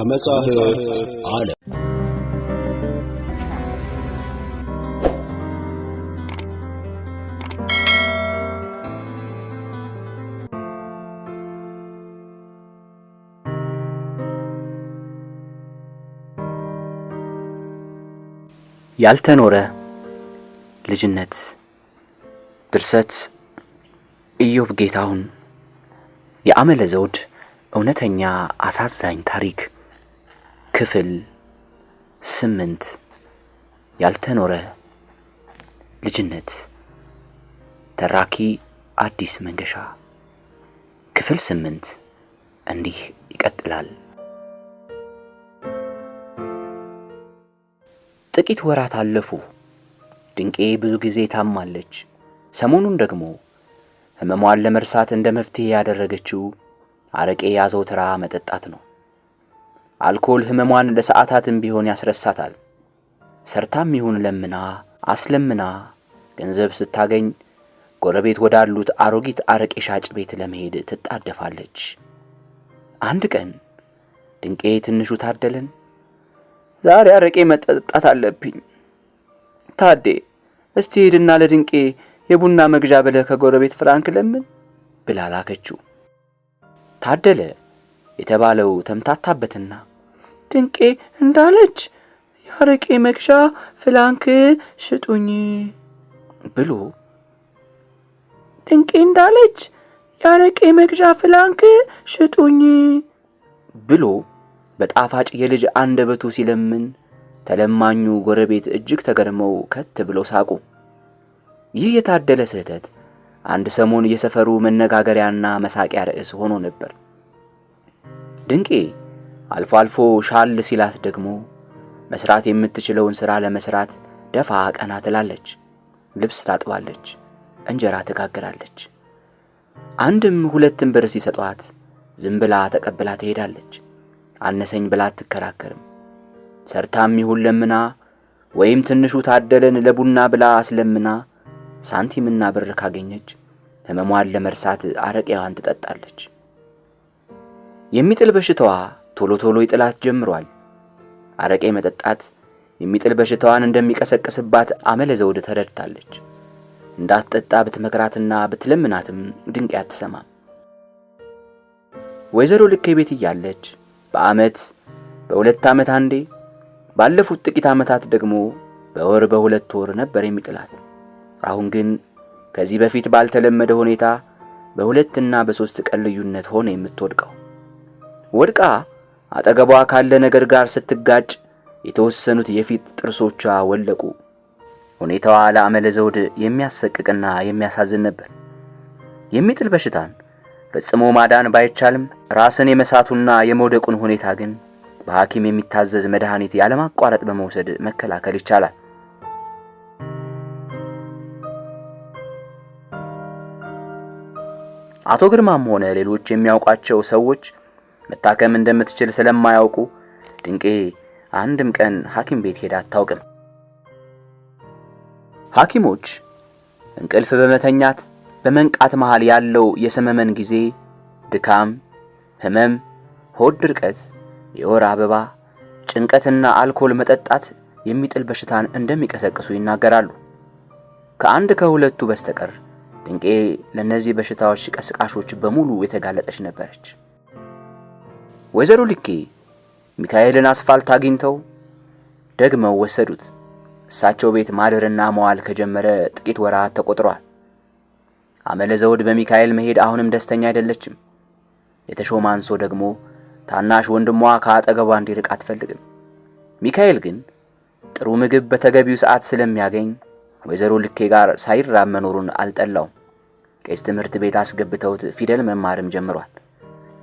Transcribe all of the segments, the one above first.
ከመጻሕፍት አለ። ያልተኖረ ልጅነት ድርሰት ኢዮብ ጌታሁን የአመለ ዘውድ እውነተኛ አሳዛኝ ታሪክ ክፍል ስምንት ያልተኖረ ልጅነት ተራኪ አዲስ መንገሻ ክፍል ስምንት እንዲህ ይቀጥላል። ጥቂት ወራት አለፉ። ድንቄ ብዙ ጊዜ ታማለች። ሰሞኑን ደግሞ ሕመሟን ለመርሳት እንደ መፍትሄ ያደረገችው አረቄ አዘውትራ መጠጣት ነው። አልኮል ህመሟን ለሰዓታትም ቢሆን ያስረሳታል። ሰርታም ይሁን ለምና አስለምና ገንዘብ ስታገኝ ጎረቤት ወዳሉት አሮጊት አረቄ ሻጭ ቤት ለመሄድ ትጣደፋለች። አንድ ቀን ድንቄ ትንሹ ታደለን ዛሬ አረቄ መጠጣት አለብኝ ታዴ፣ እስቲ ሄድና ለድንቄ የቡና መግዣ ብለህ ከጎረቤት ፍራንክ ለምን ብላ ላከችው። ታደለ የተባለው ተምታታበትና ድንቄ እንዳለች የአረቄ መግዣ ፍላንክ ሽጡኝ ብሎ ድንቄ እንዳለች የአረቄ መግዣ ፍላንክ ሽጡኝ ብሎ በጣፋጭ የልጅ አንደበቱ ሲለምን ተለማኙ ጎረቤት እጅግ ተገርመው ከት ብለው ሳቁ። ይህ የታደለ ስህተት አንድ ሰሞን የሰፈሩ መነጋገሪያና መሳቂያ ርዕስ ሆኖ ነበር። ድንቄ አልፎ አልፎ ሻል ሲላት ደግሞ መስራት የምትችለውን ሥራ ለመስራት ደፋ ቀና ትላለች። ልብስ ታጥባለች፣ እንጀራ ትጋግራለች። አንድም ሁለትም ብር ሲሰጧት ዝም ብላ ተቀብላ ትሄዳለች። አነሰኝ ብላ አትከራከርም። ሰርታም ይሁን ለምና ወይም ትንሹ ታደለን ለቡና ብላ አስለምና ሳንቲምና ብር ካገኘች ሕመሟን ለመርሳት አረቂያዋን ትጠጣለች። የሚጥል በሽታዋ ቶሎ ቶሎ ይጥላት ጀምሯል። አረቄ መጠጣት የሚጥል በሽታዋን እንደሚቀሰቅስባት አመለ ዘውድ ተረድታለች። እንዳትጠጣ ብትመክራትና ብትለምናትም ድንቄ አትሰማም። ወይዘሮ ልኬ ቤት እያለች በዓመት በሁለት ዓመት አንዴ ባለፉት ጥቂት ዓመታት ደግሞ በወር በሁለት ወር ነበር የሚጥላት። አሁን ግን ከዚህ በፊት ባልተለመደ ሁኔታ በሁለትና በሦስት ቀን ልዩነት ሆነ የምትወድቀው ወድቃ አጠገቧ ካለ ነገር ጋር ስትጋጭ የተወሰኑት የፊት ጥርሶቿ ወለቁ። ሁኔታዋ ለአመለ ዘውድ የሚያሰቅቅና የሚያሳዝን ነበር። የሚጥል በሽታን ፈጽሞ ማዳን ባይቻልም ራስን የመሳቱና የመውደቁን ሁኔታ ግን በሐኪም የሚታዘዝ መድኃኒት ያለማቋረጥ በመውሰድ መከላከል ይቻላል። አቶ ግርማም ሆነ ሌሎች የሚያውቋቸው ሰዎች መታከም እንደምትችል ስለማያውቁ ድንቄ አንድም ቀን ሐኪም ቤት ሄዳ አታውቅም። ሐኪሞች እንቅልፍ በመተኛት በመንቃት መሃል ያለው የሰመመን ጊዜ ድካም፣ ህመም፣ ሆድ ድርቀት፣ የወር አበባ፣ ጭንቀትና አልኮል መጠጣት የሚጥል በሽታን እንደሚቀሰቅሱ ይናገራሉ። ከአንድ ከሁለቱ በስተቀር ድንቄ ለእነዚህ በሽታዎች ቀስቃሾች በሙሉ የተጋለጠች ነበረች። ወይዘሮ ልኬ ሚካኤልን አስፋልት አግኝተው ደግመው ወሰዱት። እሳቸው ቤት ማደርና መዋል ከጀመረ ጥቂት ወራት ተቆጥረዋል። አመለ ዘውድ በሚካኤል መሄድ አሁንም ደስተኛ አይደለችም። የተሾመ አንሶ ደግሞ ታናሽ ወንድሟ ከአጠገቧ እንዲርቅ አትፈልግም። ሚካኤል ግን ጥሩ ምግብ በተገቢው ሰዓት ስለሚያገኝ ወይዘሮ ልኬ ጋር ሳይራብ መኖሩን አልጠላውም። ቄስ ትምህርት ቤት አስገብተውት ፊደል መማርም ጀምሯል።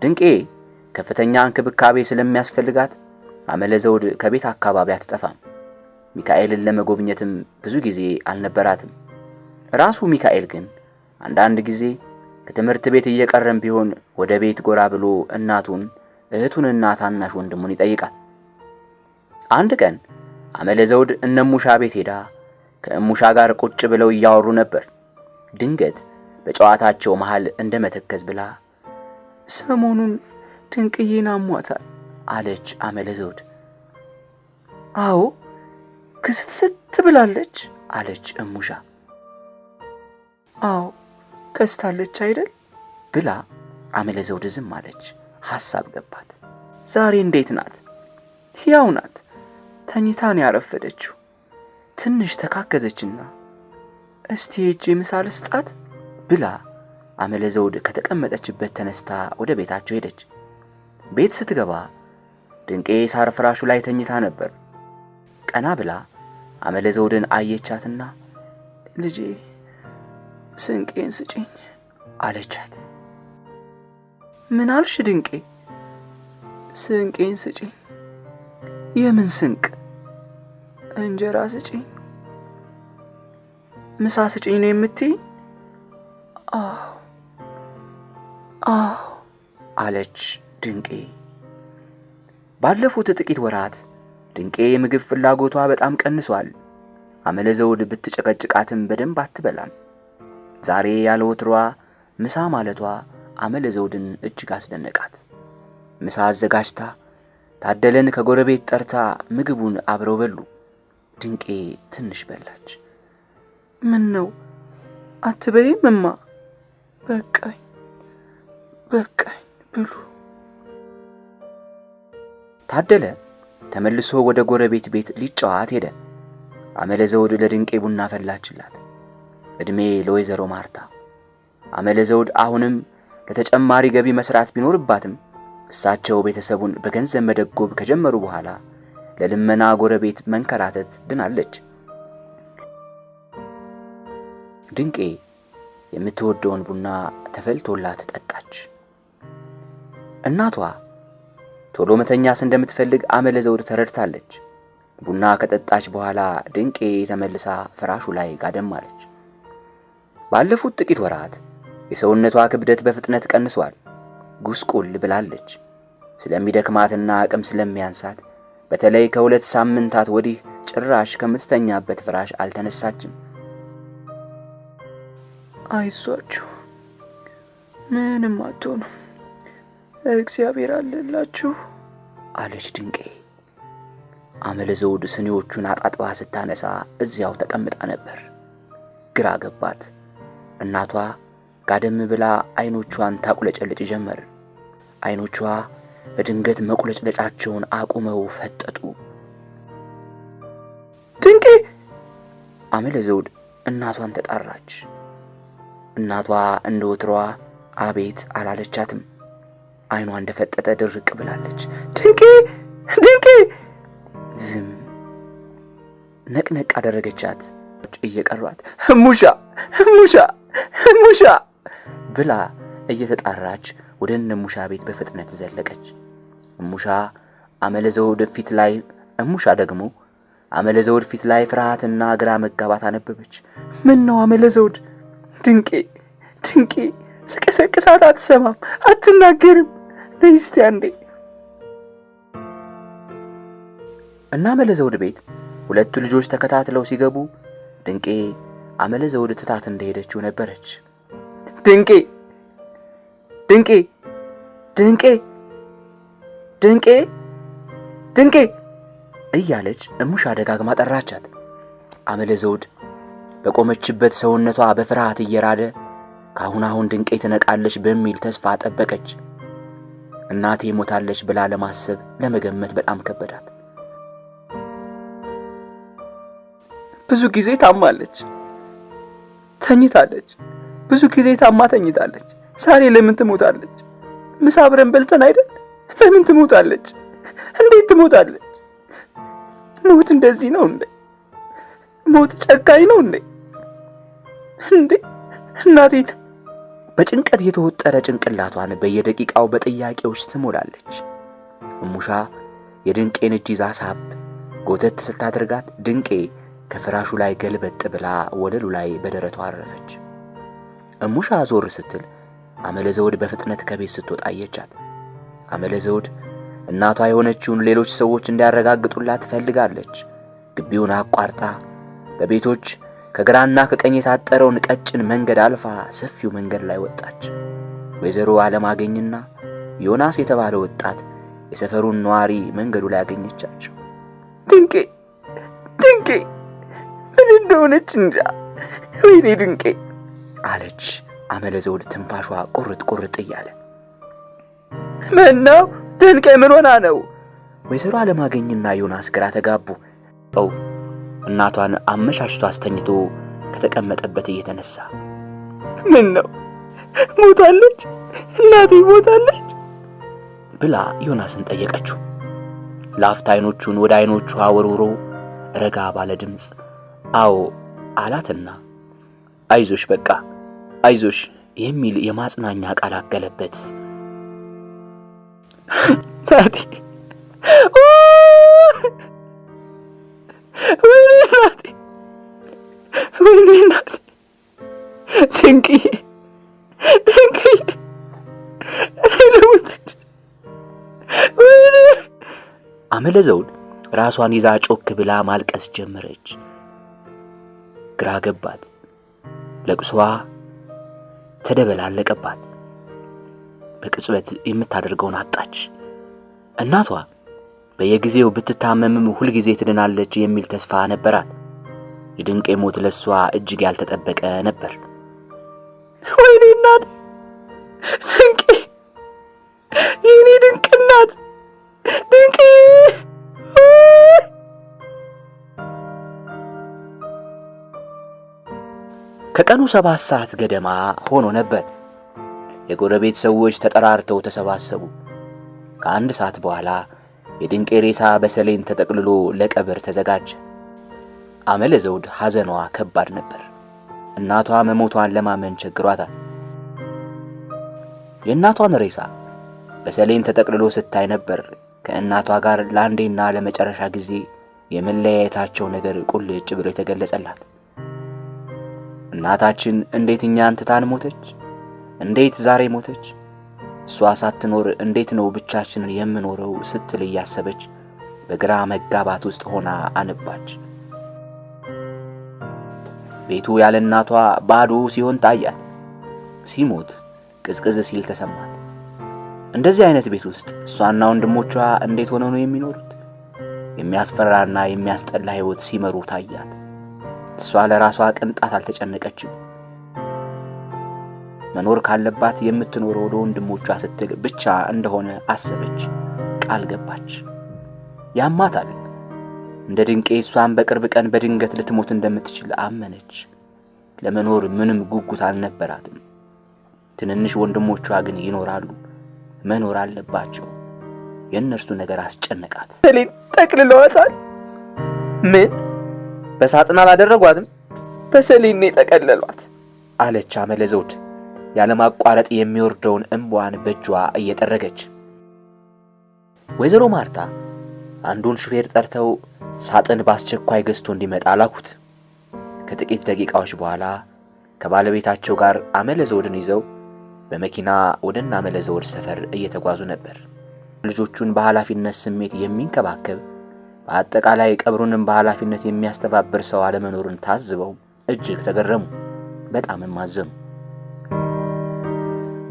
ድንቄ ከፍተኛ እንክብካቤ ስለሚያስፈልጋት አመለ ዘውድ ከቤት አካባቢ አትጠፋም። ሚካኤልን ለመጎብኘትም ብዙ ጊዜ አልነበራትም። ራሱ ሚካኤል ግን አንዳንድ ጊዜ ከትምህርት ቤት እየቀረም ቢሆን ወደ ቤት ጎራ ብሎ እናቱን እህቱንና ታናሽ ወንድሙን ይጠይቃል። አንድ ቀን አመለ ዘውድ እነሙሻ ቤት ሄዳ ከእሙሻ ጋር ቁጭ ብለው እያወሩ ነበር። ድንገት በጨዋታቸው መሃል እንደ መተከዝ ብላ ሰሞኑን ድንቅዬን አሟታል አለች አመለ ዘውድ። አዎ ክስትስት ብላለች አለች እሙሻ። አዎ ከስታለች አይደል ብላ አመለ ዘውድ ዝም አለች። ሐሳብ ገባት። ዛሬ እንዴት ናት? ያው ናት። ተኝታን ያረፈደችው። ትንሽ ተካከዘችና እስቲ ሄጄ ምሳ ስጣት ብላ አመለ ዘውድ ከተቀመጠችበት ተነስታ ወደ ቤታቸው ሄደች። ቤት ስትገባ ድንቄ ሳር ፍራሹ ላይ ተኝታ ነበር። ቀና ብላ አመለ ዘውድን አየቻትና ልጄ ስንቄን ስጭኝ አለቻት። ምን አልሽ ድንቄ? ስንቄን ስጭኝ። የምን ስንቅ? እንጀራ ስጭኝ፣ ምሳ ስጭኝ ነው የምትይ? አዎ አዎ አለች። ድንቄ ባለፉት ጥቂት ወራት ድንቄ የምግብ ፍላጎቷ በጣም ቀንሷል። አመለ ዘውድ ብትጨቀጭቃትም በደንብ አትበላም። ዛሬ ያለ ወትሯ ምሳ ማለቷ አመለ ዘውድን እጅግ አስደነቃት። ምሳ አዘጋጅታ ታደለን ከጎረቤት ጠርታ ምግቡን አብረው በሉ። ድንቄ ትንሽ በላች። ምን ነው አትበይም? እማ በቃኝ፣ በቃኝ ብሉ ታደለ ተመልሶ ወደ ጎረቤት ቤት ሊጫዋት ሄደ። አመለ ዘውድ ለድንቄ ቡና ፈላችላት። ዕድሜ ለወይዘሮ ማርታ። አመለ ዘውድ አሁንም ለተጨማሪ ገቢ መስራት ቢኖርባትም እሳቸው ቤተሰቡን በገንዘብ መደጎብ ከጀመሩ በኋላ ለልመና ጎረቤት መንከራተት ድናለች። ድንቄ የምትወደውን ቡና ተፈልቶላት ጠጣች። እናቷ ቶሎ መተኛስ እንደምትፈልግ አመለ ዘውድ ተረድታለች። ቡና ከጠጣች በኋላ ድንቄ ተመልሳ ፍራሹ ላይ ጋደም አለች። ባለፉት ጥቂት ወራት የሰውነቷ ክብደት በፍጥነት ቀንሷል። ጉስቁል ብላለች። ስለሚደክማትና አቅም ስለሚያንሳት በተለይ ከሁለት ሳምንታት ወዲህ ጭራሽ ከምትተኛበት ፍራሽ አልተነሳችም። አይዟችሁ ምንም አትሆኑም። እግዚአብሔር አለላችሁ አለች ድንቄ። አመለ ዘውድ ስኒዎቹን አጣጥባ ስታነሳ እዚያው ተቀምጣ ነበር። ግራ ገባት። እናቷ ጋደም ብላ አይኖቿን ታቁለጨልጭ ጀመር። አይኖቿ በድንገት መቁለጭለጫቸውን አቁመው ፈጠጡ። ድንቄ! አመለ ዘውድ እናቷን ተጣራች። እናቷ እንደ ወትሯ አቤት አላለቻትም። አይኗ እንደፈጠጠ ድርቅ ብላለች። ድንቄ ድንቄ ዝም ነቅነቅ አደረገቻት። እየቀሯት ሙሻ ሙሻ ሙሻ ብላ እየተጣራች ወደ እነ ሙሻ ቤት በፍጥነት ዘለቀች። ሙሻ ዘውድ ፊት ላይ ሙሻ ደግሞ ዘውድ ፊት ላይ ፍርሃትና ግራ መጋባት አነበበች። ምን ነው አመለዘውድ? ድንቄ ድንቄ ስቀሰቅሳት አትሰማም፣ አትናገርም እስቲ አንዴ እና አመለ ዘውድ ቤት ሁለቱ ልጆች ተከታትለው ሲገቡ ድንቄ አመለ ዘውድ ትታት እንደሄደችው ነበረች። ድንቄ ድንቄ ድንቄ ድንቄ ድንቄ እያለች እሙሽ አደጋግማ ጠራቻት። አመለ ዘውድ በቆመችበት ሰውነቷ በፍርሃት እየራደ ካሁን አሁን ድንቄ ትነቃለች በሚል ተስፋ ጠበቀች። እናቴ ሞታለች ብላ ለማሰብ ለመገመት በጣም ከበዳት። ብዙ ጊዜ ታማለች፣ ተኝታለች። ብዙ ጊዜ ታማ ተኝታለች። ዛሬ ለምን ትሞታለች? ምሳ አብረን በልተን አይደል? ለምን ትሞታለች? እንዴት ትሞታለች? ሞት እንደዚህ ነው እንዴ? ሞት ጨካኝ ነው እንዴ? እንዴ እናቴን በጭንቀት የተወጠረ ጭንቅላቷን በየደቂቃው በጥያቄዎች ትሞላለች። እሙሻ የድንቄን እጅ ይዛ ሳብ ጎተት ስታደርጋት ድንቄ ከፍራሹ ላይ ገልበጥ ብላ ወለሉ ላይ በደረቷ አረፈች። እሙሻ ዞር ስትል አመለ ዘውድ በፍጥነት ከቤት ስትወጣ አየቻት። አመለ ዘውድ እናቷ የሆነችውን ሌሎች ሰዎች እንዲያረጋግጡላት ትፈልጋለች። ግቢውን አቋርጣ በቤቶች ከግራና ከቀኝ የታጠረውን ቀጭን መንገድ አልፋ ሰፊው መንገድ ላይ ወጣች። ወይዘሮ ዓለም አገኝና ዮናስ የተባለ ወጣት የሰፈሩን ነዋሪ መንገዱ ላይ አገኘቻቸው። ድንቄ ድንቄ ምን እንደሆነች እንጃ፣ ወይኔ ድንቄ አለች። አመለዘውል ትንፋሿ ቁርጥ ቁርጥ እያለ ምን ነው ድንቄ? ምን ሆና ነው? ወይዘሮ ዓለም አገኝና ዮናስ ግራ ተጋቡ። እናቷን አመሻሽቶ አስተኝቶ ከተቀመጠበት እየተነሳ ምን ነው ሞታለች? እናቴ ሞታለች ብላ ዮናስን ጠየቀችው። ለአፍታ አይኖቹን ወደ አይኖቹ አወርውሮ ረጋ ባለ ድምፅ አዎ አላትና አይዞሽ በቃ አይዞሽ የሚል የማጽናኛ ቃል አገለበት። ናቲ ወይኔ እናቴ ድንቅዬ ድንቅዬ አመለ ዘውድ ራሷን ይዛ ጮክ ብላ ማልቀስ ጀመረች። ግራ ገባት። ለቅሷ ተደበላለቀባት። በቅጽበት የምታደርገውን አጣች። እናቷ በየጊዜው ብትታመምም ሁልጊዜ ትድናለች የሚል ተስፋ ነበራት። የድንቄ ሞት ለሷ እጅግ ያልተጠበቀ ነበር። ወይኔ እናት ድንቄ፣ የኔ ድንቅ እናት ድንቄ። ከቀኑ ሰባት ሰዓት ገደማ ሆኖ ነበር። የጎረቤት ሰዎች ተጠራርተው ተሰባሰቡ። ከአንድ ሰዓት በኋላ የድንቄ ሬሳ በሰሌን ተጠቅልሎ ለቀብር ተዘጋጀ። አመለ ዘውድ ሐዘኗ ከባድ ነበር። እናቷ መሞቷን ለማመን ቸግሯታል። የእናቷን ሬሳ በሰሌን ተጠቅልሎ ስታይ ነበር ከእናቷ ጋር ለአንዴና ለመጨረሻ ጊዜ የመለያየታቸው ነገር ቁልጭ ብሎ የተገለጸላት። እናታችን እንዴት እኛን ትታን ሞተች? እንዴት ዛሬ ሞተች? እሷ ሳትኖር እንዴት ነው ብቻችንን የምኖረው ስትል እያሰበች በግራ መጋባት ውስጥ ሆና አነባች። ቤቱ ያለ እናቷ ባዶ ሲሆን ታያት። ሲሞት ቅዝቅዝ ሲል ተሰማት። እንደዚህ አይነት ቤት ውስጥ እሷና ወንድሞቿ እንዴት ሆነው ነው የሚኖሩት? የሚያስፈራና የሚያስጠላ ሕይወት ሲመሩ ታያት። እሷ ለራሷ ቅንጣት አልተጨነቀችም። መኖር ካለባት የምትኖረው ወንድሞቿ ስትል ብቻ እንደሆነ አሰበች፣ ቃል ገባች። ያማታል። እንደ ድንቄ እሷን በቅርብ ቀን በድንገት ልትሞት እንደምትችል አመነች። ለመኖር ምንም ጉጉት አልነበራትም። ትንንሽ ወንድሞቿ ግን ይኖራሉ፣ መኖር አለባቸው። የእነርሱ ነገር አስጨነቃት። ሰሌን ጠቅልለዋታል። ምን? በሳጥን አላደረጓትም፣ በሰሌን ነው የጠቀለሏት አለች አመለዘውድ። ያለማቋረጥ የሚወርደውን እምቧን በእጇ እየጠረገች ወይዘሮ ማርታ አንዱን ሹፌር ጠርተው ሳጥን በአስቸኳይ ገዝቶ እንዲመጣ ላኩት። ከጥቂት ደቂቃዎች በኋላ ከባለቤታቸው ጋር አመለዘውድን ይዘው በመኪና ወደ አመለዘውድ ሰፈር እየተጓዙ ነበር። ልጆቹን በኃላፊነት ስሜት የሚንከባከብ በአጠቃላይ ቀብሩንም በኃላፊነት የሚያስተባብር ሰው አለመኖሩን ታዝበው እጅግ ተገረሙ፣ በጣምም አዘኑ።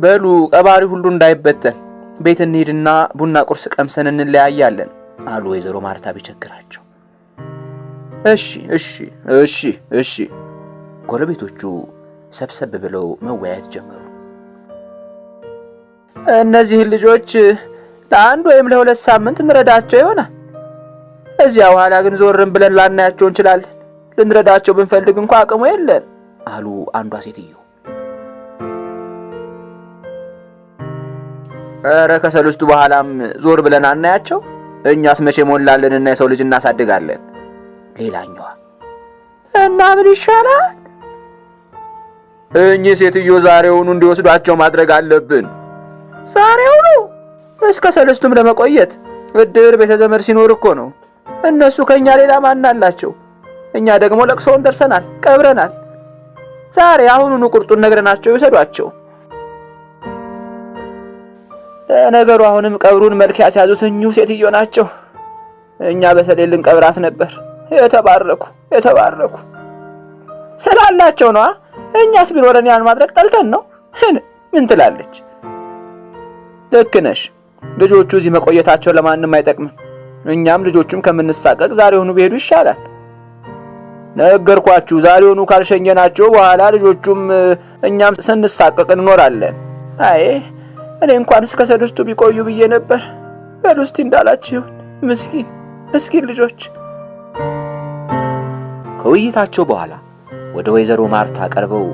በሉ ቀባሪ ሁሉ እንዳይበተን ቤት እንሂድና ቡና ቁርስ ቀምሰን እንለያያለን አሉ ወይዘሮ ማርታ ቢቸግራቸው። እሺ እሺ እሺ እሺ። ጎረቤቶቹ ሰብሰብ ብለው መወያየት ጀመሩ። እነዚህን ልጆች ለአንድ ወይም ለሁለት ሳምንት እንረዳቸው ይሆናል። እዚያ በኋላ ግን ዞርን ብለን ላናያቸው እንችላለን። ልንረዳቸው ብንፈልግ እንኳ አቅሙ የለን አሉ አንዷ ሴትዮ። እረ ከሰልስቱ በኋላም ዞር ብለን አናያቸው? እኛስ መቼ ሞላለንና የሰው ልጅ እናሳድጋለን። ሌላኛዋ እና ምን ይሻላል? እኚህ ሴትዮ ዛሬውኑ እንዲወስዷቸው ማድረግ አለብን። ዛሬውኑ እስከ ሰለስቱም ለመቆየት እድር ቤተ ዘመድ ሲኖር እኮ ነው። እነሱ ከእኛ ሌላ ማን አላቸው? እኛ ደግሞ ለቅሶውን ደርሰናል፣ ቀብረናል። ዛሬ አሁኑኑ ቁርጡን ነግረናቸው ይውሰዷቸው። ነገሩ አሁንም ቀብሩን መልክ ያስያዙት እኙ ሴትዮ ናቸው። እኛ በሰሌ ልንቀብራት ነበር። የተባረኩ የተባረኩ ስላላቸው ነዋ። እኛስ ቢኖረን ያን ማድረግ ጠልተን ነው። ምን ትላለች? ልክ ነሽ። ልጆቹ እዚህ መቆየታቸው ለማንም አይጠቅምም። እኛም ልጆቹም ከምንሳቀቅ ዛሬውኑ ቢሄዱ ይሻላል። ነገርኳችሁ። ዛሬውኑ ካልሸኘናቸው በኋላ ልጆቹም እኛም ስንሳቀቅ እንኖራለን። አይ እኔ እንኳን እስከ ስድስቱ ቢቆዩ ብዬ ነበር። በሉ እስቲ እንዳላችሁን። ምስኪን ምስኪን ልጆች። ከውይይታቸው በኋላ ወደ ወይዘሮ ማርታ ቀርበው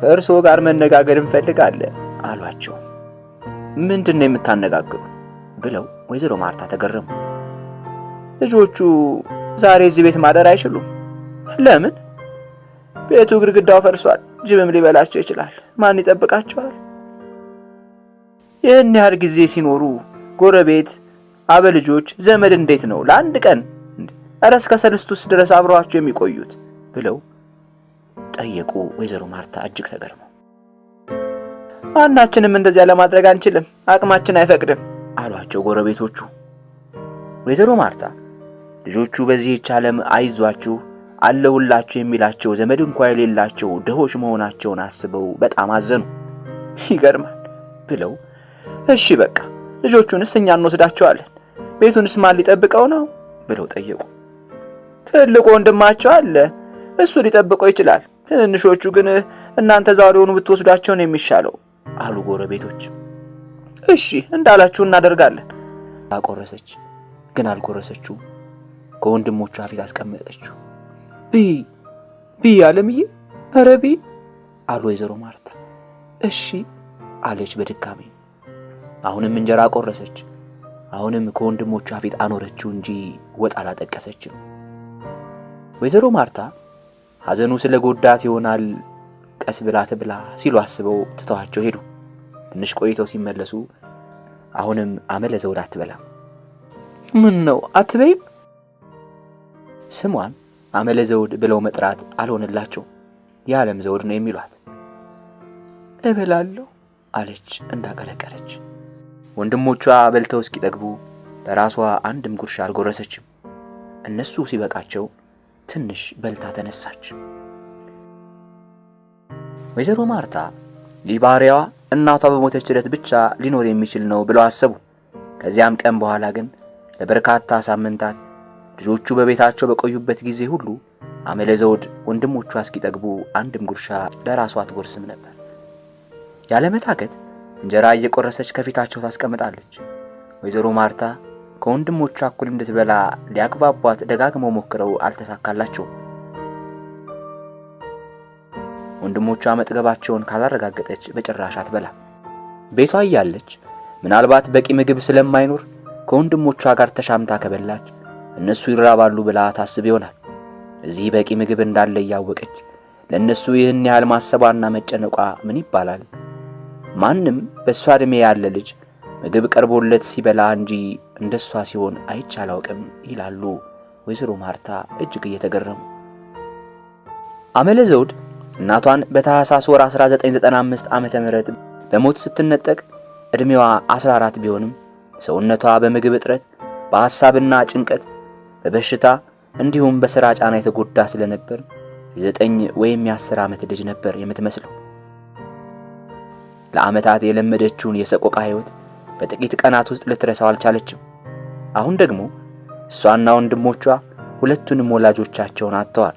ከእርስዎ ጋር መነጋገር እንፈልጋለን አሏቸው። ምንድን ነው የምታነጋግሩ? ብለው ወይዘሮ ማርታ ተገረሙ። ልጆቹ ዛሬ እዚህ ቤት ማደር አይችሉም። ለምን? ቤቱ ግድግዳው ፈርሷል። ጅብም ሊበላቸው ይችላል። ማን ይጠብቃቸዋል? ይህን ያህል ጊዜ ሲኖሩ ጎረቤት፣ አበልጆች፣ ዘመድ እንዴት ነው ለአንድ ቀን ኧረ እስከ ሰልስቱስ ድረስ አብረቸው የሚቆዩት ብለው ጠየቁ። ወይዘሮ ማርታ እጅግ ተገርመው ማናችንም እንደዚያ ለማድረግ አንችልም፣ አቅማችን አይፈቅድም አሏቸው ጎረቤቶቹ። ወይዘሮ ማርታ ልጆቹ በዚህ ዓለም አይዟችሁ አለውላችሁ የሚላቸው ዘመድ እንኳ የሌላቸው ደሆች መሆናቸውን አስበው በጣም አዘኑ። ይገርማል ብለው እሺ በቃ ልጆቹንስ እኛ እንወስዳቸዋለን፣ ቤቱንስ ማን ሊጠብቀው ነው ብለው ጠየቁ። ትልቁ ወንድማቸው አለ፣ እሱ ሊጠብቀው ይችላል። ትንንሾቹ ግን እናንተ ዛሬውኑ ብትወስዷቸው ነው የሚሻለው አሉ ጎረቤቶች። እሺ እንዳላችሁ እናደርጋለን። አቆረሰች፣ ግን አልጎረሰችው። ከወንድሞቿ ፊት አስቀመጠችው። ቢ ቢ አለምዬ፣ ኧረ ቢ አሉ ወይዘሮ ማርታ። እሺ አለች በድጋሚ። አሁንም እንጀራ ቆረሰች፣ አሁንም ከወንድሞቿ ፊት አኖረችው እንጂ ወጥ አላጠቀሰችም። ወይዘሮ ማርታ ሐዘኑ ስለ ጎዳት ይሆናል ቀስ ብላ ትብላ ሲሉ አስበው ትተዋቸው ሄዱ። ትንሽ ቆይተው ሲመለሱ አሁንም አመለ ዘውድ አትበላ ምን ነው አትበይም? ስሟን አመለ ዘውድ ብለው መጥራት አልሆነላቸው። የዓለም ዘውድ ነው የሚሏት። እበላለሁ አለች እንዳቀለቀለች። ወንድሞቿ በልተው እስኪጠግቡ ለራሷ አንድም ጉርሻ አልጎረሰችም። እነሱ ሲበቃቸው ትንሽ በልታ ተነሳች። ወይዘሮ ማርታ ሊባሪያዋ እናቷ በሞተች ዕለት ብቻ ሊኖር የሚችል ነው ብለው አሰቡ። ከዚያም ቀን በኋላ ግን ለበርካታ ሳምንታት ልጆቹ በቤታቸው በቆዩበት ጊዜ ሁሉ አመለ ዘውድ ወንድሞቿ እስኪጠግቡ አንድም ጉርሻ ለራሷ አትጎርስም ነበር ያለመታከት እንጀራ እየቆረሰች ከፊታቸው ታስቀምጣለች። ወይዘሮ ማርታ ከወንድሞቿ እኩል እንድትበላ ሊያግባቧት ደጋግመው ሞክረው አልተሳካላቸው። ወንድሞቿ መጥገባቸውን ካላረጋገጠች በጭራሽ አትበላ። ቤቷ እያለች ምናልባት በቂ ምግብ ስለማይኖር ከወንድሞቿ ጋር ተሻምታ ከበላች እነሱ ይራባሉ ብላ ታስብ ይሆናል። እዚህ በቂ ምግብ እንዳለ እያወቀች ለእነሱ ይህን ያህል ማሰቧና መጨነቋ ምን ይባላል? ማንም በእሷ ዕድሜ ያለ ልጅ ምግብ ቀርቦለት ሲበላ እንጂ እንደሷ ሲሆን አይቻላውቅም ይላሉ ወይዘሮ ማርታ እጅግ እየተገረሙ። አመለ ዘውድ እናቷን በታህሳስ ወር 1995 ዓ ም በሞት ስትነጠቅ ዕድሜዋ 14 ቢሆንም ሰውነቷ በምግብ እጥረት፣ በሐሳብና ጭንቀት፣ በበሽታ እንዲሁም በሥራ ጫና የተጎዳ ስለነበር የዘጠኝ ወይም የአስር ዓመት ልጅ ነበር የምትመስለው። ለዓመታት የለመደችውን የሰቆቃ ሕይወት በጥቂት ቀናት ውስጥ ልትረሳው አልቻለችም። አሁን ደግሞ እሷና ወንድሞቿ ሁለቱንም ወላጆቻቸውን አጥተዋል።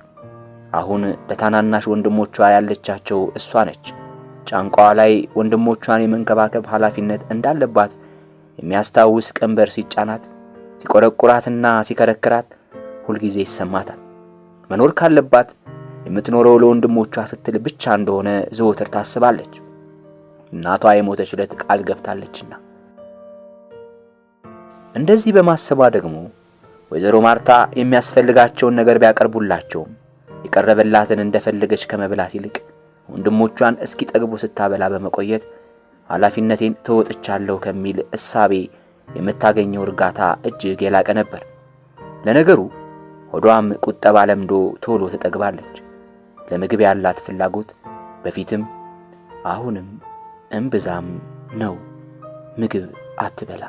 አሁን ለታናናሽ ወንድሞቿ ያለቻቸው እሷ ነች። ጫንቋዋ ላይ ወንድሞቿን የመንከባከብ ኃላፊነት እንዳለባት የሚያስታውስ ቀንበር ሲጫናት፣ ሲቆረቁራትና ሲከረክራት ሁልጊዜ ይሰማታል። መኖር ካለባት የምትኖረው ለወንድሞቿ ስትል ብቻ እንደሆነ ዘወትር ታስባለች። እናቷ የሞተች ቃል ገብታለችና። እንደዚህ በማሰቧ ደግሞ ወይዘሮ ማርታ የሚያስፈልጋቸውን ነገር ቢያቀርቡላቸውም የቀረበላትን እንደፈለገች ከመብላት ይልቅ ወንድሞቿን እስኪጠግቡ ስታበላ በመቆየት ኃላፊነቴን ተወጥቻለሁ ከሚል እሳቤ የምታገኘው እርጋታ እጅግ የላቀ ነበር። ለነገሩ ሆዷም ቁጠባ ለምዶ ቶሎ ትጠግባለች። ለምግብ ያላት ፍላጎት በፊትም አሁንም እምብዛም ነው ምግብ አትበላ